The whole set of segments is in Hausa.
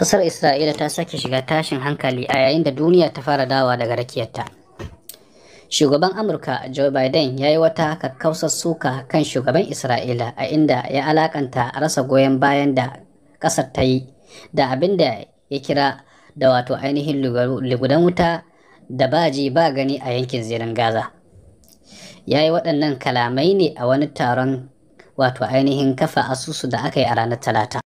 Kasar Isra'ila ta sake shiga tashin hankali a yayin da duniya ta fara dawa daga rakiyarta. Shugaban Amurka Joe Biden ya yi wata kakkausar suka kan shugaban Isra'ila a inda ya alakanta rasa goyon bayan da kasar ta yi da abin da ya kira da wato ainihin lugudan wuta da baji ba gani a yankin zirin Gaza. Ya yi waɗannan kalamai ne a wani taron wato ainihin kafa asusu da aka yi a ranar Talata.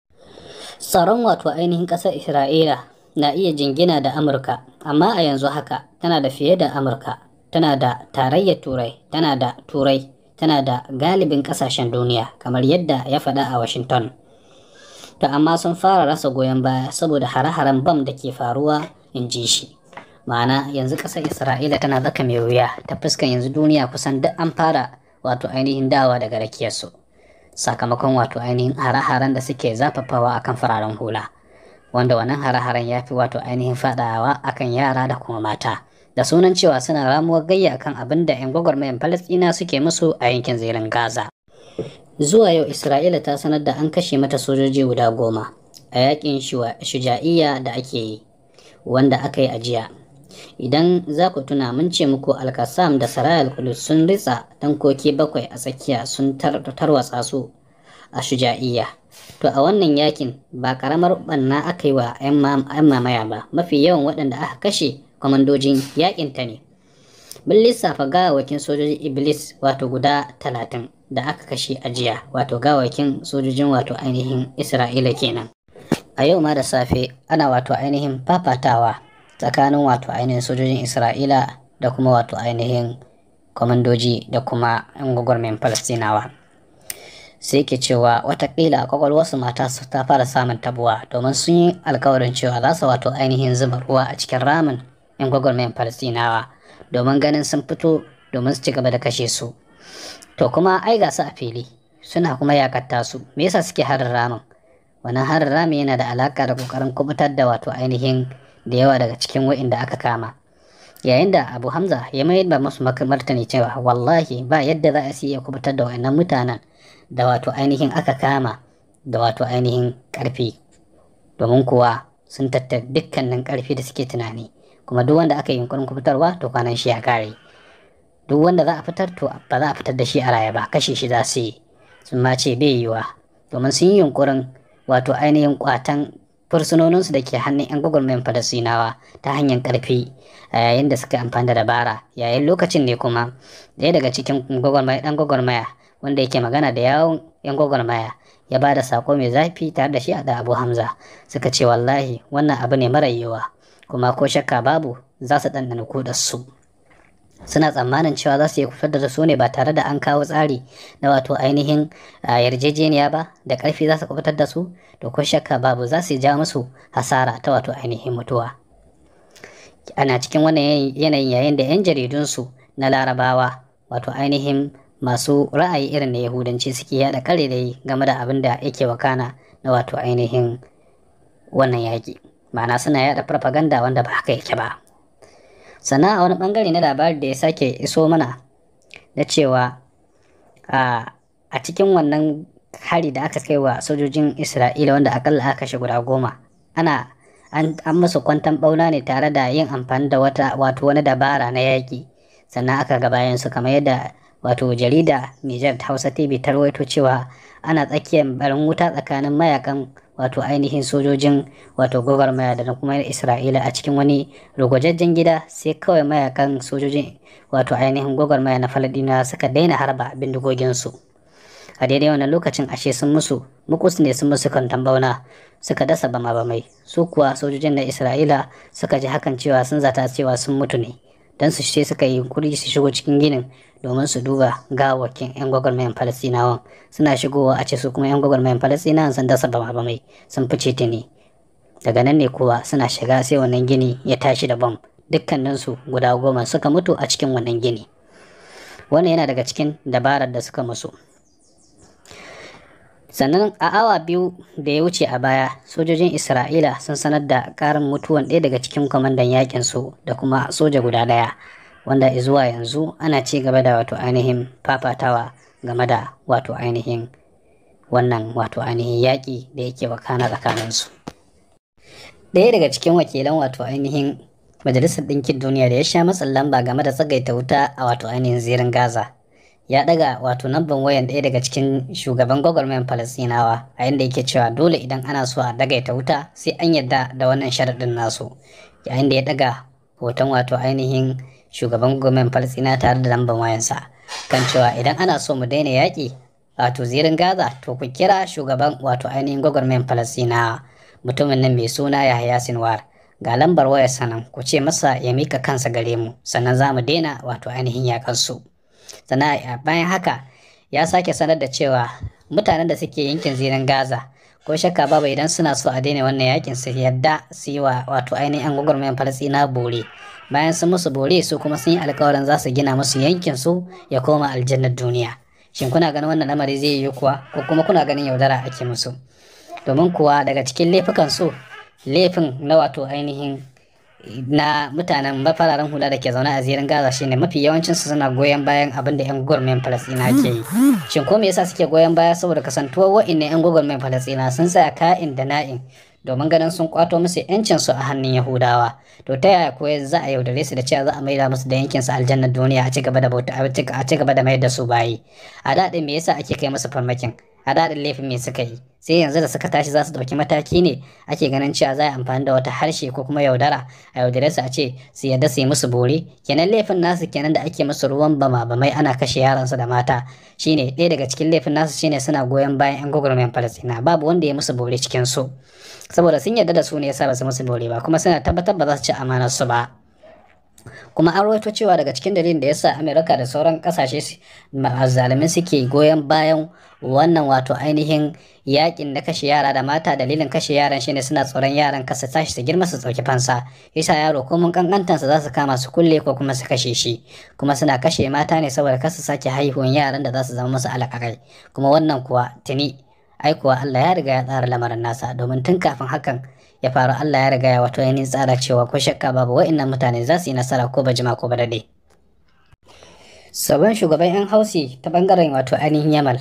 tsaron wato ainihin ƙasar isra'ila na iya jingina da amurka amma a yanzu haka tana da fiye da amurka tana da tarayyar turai tana da turai tana da galibin ƙasashen duniya kamar yadda ya faɗa a washington ta amma sun fara rasa goyon baya saboda hare-haren bam da ke faruwa in ji shi ma'ana yanzu ƙasar isra'ila tana zaka mai wuya ta fuskan yanzu duniya kusan duk an fara wato ainihin dawa daga rakiyarsu sakamakon wato ainihin hare-haren da suke zafafawa akan fararen hula wanda wannan hare-haren ya fi wato ainihin fadawa akan yara da kuma mata da sunan cewa suna ramuwar gayya akan abin da 'yan gwagwarmayan falastina suke musu a yankin zirin gaza zuwa yau isra'ila ta sanar da an kashe mata sojoji guda goma a yakin shuja'iyya da ake yi wanda aka yi a jiya idan za ku tuna mun ce muku alkasam da sarayar Kudu sun ritsa tankoki bakwai a tsakiya sun tarwatsa su a shuja'iyya to a wannan yakin ba karamar banna aka yi wa 'yan mamaya ba mafi yawan waɗanda aka kashe kwamandojin yakin ta ne bin lissafa gawakin sojojin iblis wato guda talatin da aka kashe a jiya wato gawakin sojojin wato ainihin isra'ila kenan a yau ma da safe ana wato ainihin fafatawa tsakanin wato ainihin sojojin isra'ila da kuma wato ainihin kwamandoji da kuma 'yan gwagwarmen falastinawa sai ke cewa watakila wasu mata su ta fara samun tabuwa domin sun yi alkawarin cewa za su wato ainihin zuba ruwa a cikin ramin 'yan gwagwarmen falastinawa domin ganin sun fito domin su ci gaba da kashe su to kuma ai ga su a fili suna kuma yakatta su me yasa suke harin ramin wannan harin ramin yana da alaka da kokarin kubutar da wato ainihin da yawa daga cikin wa'inda aka kama yayin da abu hamza ya mayar da masu martani cewa wallahi ba yadda za a siya kubutar da wa'annan mutanen da wato ainihin aka kama da wato ainihin karfi domin kuwa sun tattar dukkanin karfi da suke tunani kuma duk wanda aka yi yunkurin kubutarwa to kwanan shi ya kare duk wanda za a fitar to ba za a fitar da shi a raya ba kashe shi za su yi sun ma ce bai yiwa domin sun yi yunkurin wato ainihin kwatan fursunoninsu da ke hannun 'yan gwagwarmayan falasinawa ta hanyar karfi a yayin da suka amfani da dabara yayin lokacin ne kuma daya daga cikin ɗan gwagwarmaya wanda yake magana da yawon 'yan gwagwarmaya ya ba da sako mai zafi tare da shi a da abu hamza suka ce wallahi wannan abu ne mara yiwuwa kuma ko shakka babu za su da su. suna tsammanin cewa za su iya kufar da su ne ba tare da an kawo tsari na wato ainihin yarjejeniya ba da karfi za su kubutar da su to ko shakka babu za su ja musu hasara ta wato ainihin mutuwa ana cikin wannan yanayin yayin da 'yan jaridunsu na larabawa wato ainihin masu ra'ayi irin na yahudanci suke yada da game da abin da yake wakana na wato ainihin wannan yaki ma'ana suna yada farfaganda wanda ba haka yake ba sannan a wani bangare na labari da ya sake iso mana na cewa a cikin wannan hari da aka kai wa sojojin isra'ila wanda akalla aka kashe guda goma ana an musu kwantan bauna ne tare da yin amfani da wata wato wani dabara na yaƙi sannan aka ga bayan su kamar yadda wato jarida Nijar Hausa TV ta rawaito cewa ana tsakiyar barin wuta tsakanin mayakan wato ainihin sojojin wato gwagwarmaya da kuma isra'ila a cikin wani rugwajajjen gida sai kawai mayakan sojojin wato ainihin gwagwarmaya na faladina suka daina harba bindigoginsu a daidai wannan lokacin ashe sun musu mukus ne sun musu kan tambauna suka dasa bama bamai su kuwa sojojin na isra'ila suka ji hakan cewa sun zata cewa sun mutu ne don su ce suka yi kuri su shigo cikin ginin domin su duba gawakin 'yan gwagwarmayan falastinawan suna shigowa a ce su kuma 'yan gwagwarmayan falastinawan sun dasa bamabamai sun fice ta ne daga nan ne kuwa suna shiga sai wannan gini ya tashi da bam dukkaninsu guda goma suka mutu a cikin wannan gini wannan yana daga cikin dabarar da suka musu sannan a awa biyu da ya wuce a baya sojojin isra'ila sun sanar da karin mutuwan ɗaya daga cikin kwamandan yakin su da kuma soja guda ɗaya wanda zuwa yanzu ana ci gaba da wato ainihin fafatawa game da wato ainihin wannan wato ainihin yaƙi da yake wakana tsakaninsu ɗaya daga cikin wakilan wato ainihin majalisar ɗinkin duniya da ya sha matsin lamba game da tsagaita wuta a wato ainihin zirin gaza ya ɗaga wato namban wayan ɗaya daga cikin shugaban gwagwarmayan falastinawa a inda yake cewa dole idan ana so a dagaita wuta sai an yadda da wannan sharaɗin nasu yayin da ya ɗaga hoton wato ainihin shugaban gwamnatin Falasina tare da lambar wayansa kan cewa idan ana so mu daina yaƙi wato zirin Gaza to ku kira shugaban wato ainihin gwagwarmayan Falasina mutumin nan mai suna haya Sinwar ga lambar wayar sanan ku ce masa ya mika kansa gare mu sannan za mu daina wato ainihin yaƙansu. Sana'a sannan bayan haka ya sake sanar da cewa mutanen da suke yankin zirin Gaza ko shakka babu idan suna so a daina wannan yakin su yadda su yi wa wato ainihin gwagwarmayan Falasina bore bayan sun musu bore su kuma sun yi alkawarin za su gina musu yankin su ya koma aljannar duniya shin kuna ganin wannan lamari zai yi kuwa ko kuma kuna ganin yaudara ake musu domin kuwa daga cikin laifukan su laifin na wato ainihin na mutanen mafararen hula da ke zaune a zirin gaza shine mafi yawancin su suna goyon bayan abin da yan gwamnatin falasina ke yi shin ko me yasa suke goyon baya saboda kasantuwar wa'in yan gwamnatin falasina sun tsaya ka'in da na'in domin ganin sun kwato musu yancin su a hannun Yahudawa to ta yaya ko za a yaudare su da cewa za a maida musu da yankin su aljannar duniya a cigaba da bauta a cigaba da mayar da su bayi a daɗin me yasa ake kai musu farmakin a daɗin laifin me suka yi sai yanzu da suka tashi za su ɗauki mataki ne ake ganin cewa za a amfani da wata harshe ko kuma yaudara a yaudare su a ce su yarda su yi musu bore kenan laifin nasu kenan da ake musu ruwan bama bamai ana kashe yaransu da mata shine ɗaya daga cikin laifin nasu shine suna goyon bayan 'yan gwagwarmayan falastina babu wanda ya musu bore cikin su saboda sun yarda da su ne yasa ba su musu dole ba kuma suna tabbatar ba za su ci amanar su ba kuma an rawaito cewa daga cikin dalilin da yasa amerika da sauran kasashe zalimin suke goyon bayan wannan wato ainihin yakin na kashe yara da mata dalilin kashe yaran shine suna tsoron yaran kasa tashi su girma su tsauki fansa yasa yaro ko mun sa za su kama su kulle ko kuma su kashe shi kuma suna kashe mata ne saboda kasa sake haihuwan yaran da za su zama musu alakarai kuma wannan kuwa tuni aikowa Allah ya riga ya tsara lamarin nasa domin tun kafin hakan ya faru Allah ya riga ya wato yanin tsara cewa ko shakka babu wa'annan mutane za su yi nasara ko ba jima ko ba dade. Sabon shugaban 'yan hausi ta bangaren wato ainihin Yamal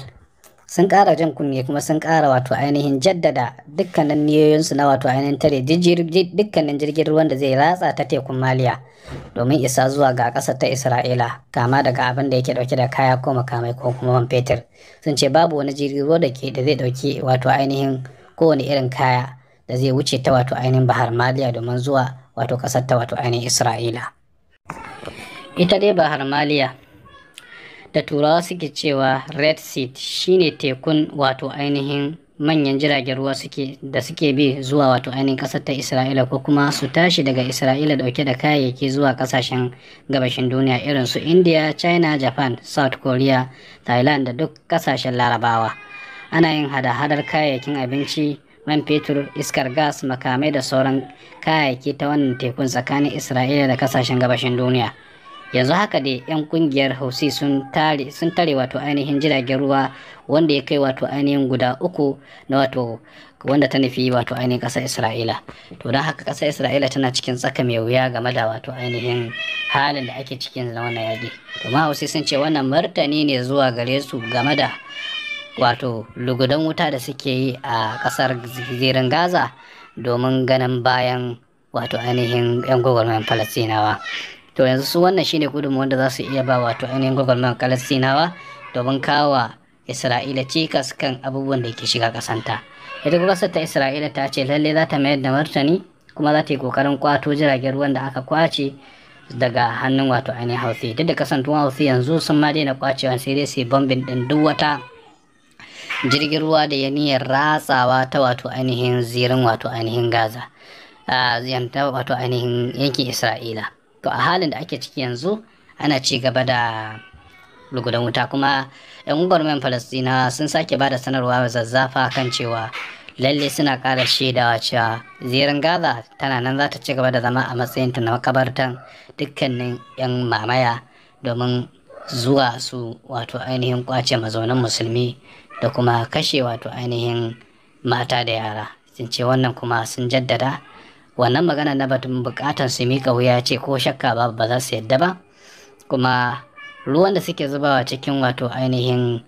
sun ƙara jan kunne kuma sun ƙara wato ainihin jaddada dukkanin niyoyinsu na wato ainihin tare dukkanin jirgin ruwan da zai ratsa ta tekun maliya domin isa zuwa ga ƙasar ta isra'ila kama daga abin da yake dauke da kaya ko makamai ko kuma man fetur sun ce babu wani jirgin ruwa da ke da zai dauke wato ainihin kowane irin kaya da zai wuce ta wato ainihin bahar maliya domin zuwa wato ƙasar ta wato ainihin isra'ila ita dai bahar maliya da turawa suke cewa red sea shine tekun wato ainihin manyan jiragen ruwa suke da suke bi zuwa wato ainihin kasar ta isra'ila ko kuma su tashi daga isra'ila dauke da kayayyaki zuwa kasashen gabashin duniya irin su india china japan south korea thailand da duk kasashen larabawa ana yin hada-hadar kayayyakin abinci man fetur iskar gas makamai da sauran kayayyaki ta wannan tekun tsakanin isra'ila da kasashen gabashin duniya yanzu haka dai 'yan kungiyar hausi sun tare sun tare wato ainihin jiragen ruwa wanda ya kai wato ainihin guda uku na wato wanda ta nufi wato ainihin kasar isra'ila to don haka kasar isra'ila tana cikin tsaka mai wuya game da wato ainihin halin da ake cikin na wannan yaƙi to ma hausi sun ce wannan martani ne zuwa gare su game da wato lugudan wuta da suke yi a kasar zirin gaza domin ganin bayan wato ainihin 'yan gwagwarmayan falastinawa to yanzu su wannan shine gudunmu wanda za su iya ba wato ainihin gwagwarmayar kalastinawa domin kawa isra'ila cikas kan abubuwan da ke shiga kasanta ita kuma ta isra'ila ta ce lalle za ta mayar da martani kuma za ta yi kokarin kwato jiragen ruwan da aka kwace daga hannun wato ainihin hausi duk da kasantuwan hausi yanzu sun ma daina kwacewa sai dai sai bombin din duk wata jirgin ruwa da ya niyyar ratsawa ta wato ainihin zirin wato ainihin gaza a wato ainihin yankin isra'ila to a halin da ake ciki yanzu ana ci gaba da lugudan wuta kuma 'yan gwamnatin falastina sun sake ba da sanarwa zazzafa kan cewa lalle suna kara shaidawa cewa zirin gaza tana nan za ta ci gaba da zama a matsayin ta na makabartan dukkanin 'yan mamaya domin zuwa su wato ainihin kwace mazaunan musulmi da kuma kashe wato ainihin mata da yara sun ce wannan kuma sun jaddada wannan magana na batun bukatar su mika wuya ce ko shakka ba ba za su yadda ba kuma ruwan da suke zubawa cikin wato ainihin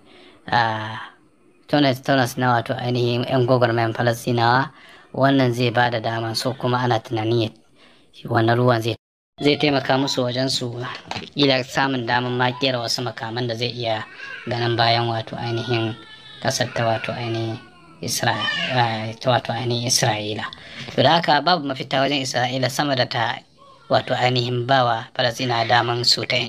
tunas na wato ainihin 'yan gwagwarmayan falastinawa wannan zai ba da daman so kuma ana tunanin wannan ruwan zai taimaka musu wajen su ila samun damar makera wasu makaman da zai iya ganin bayan wato ainihin kasar ta wato ainihin Eh, wato ainihin isra'ila to da haka babu mafita wajen isra'ila sama da ta wato ainihin bawa falasina daman su ta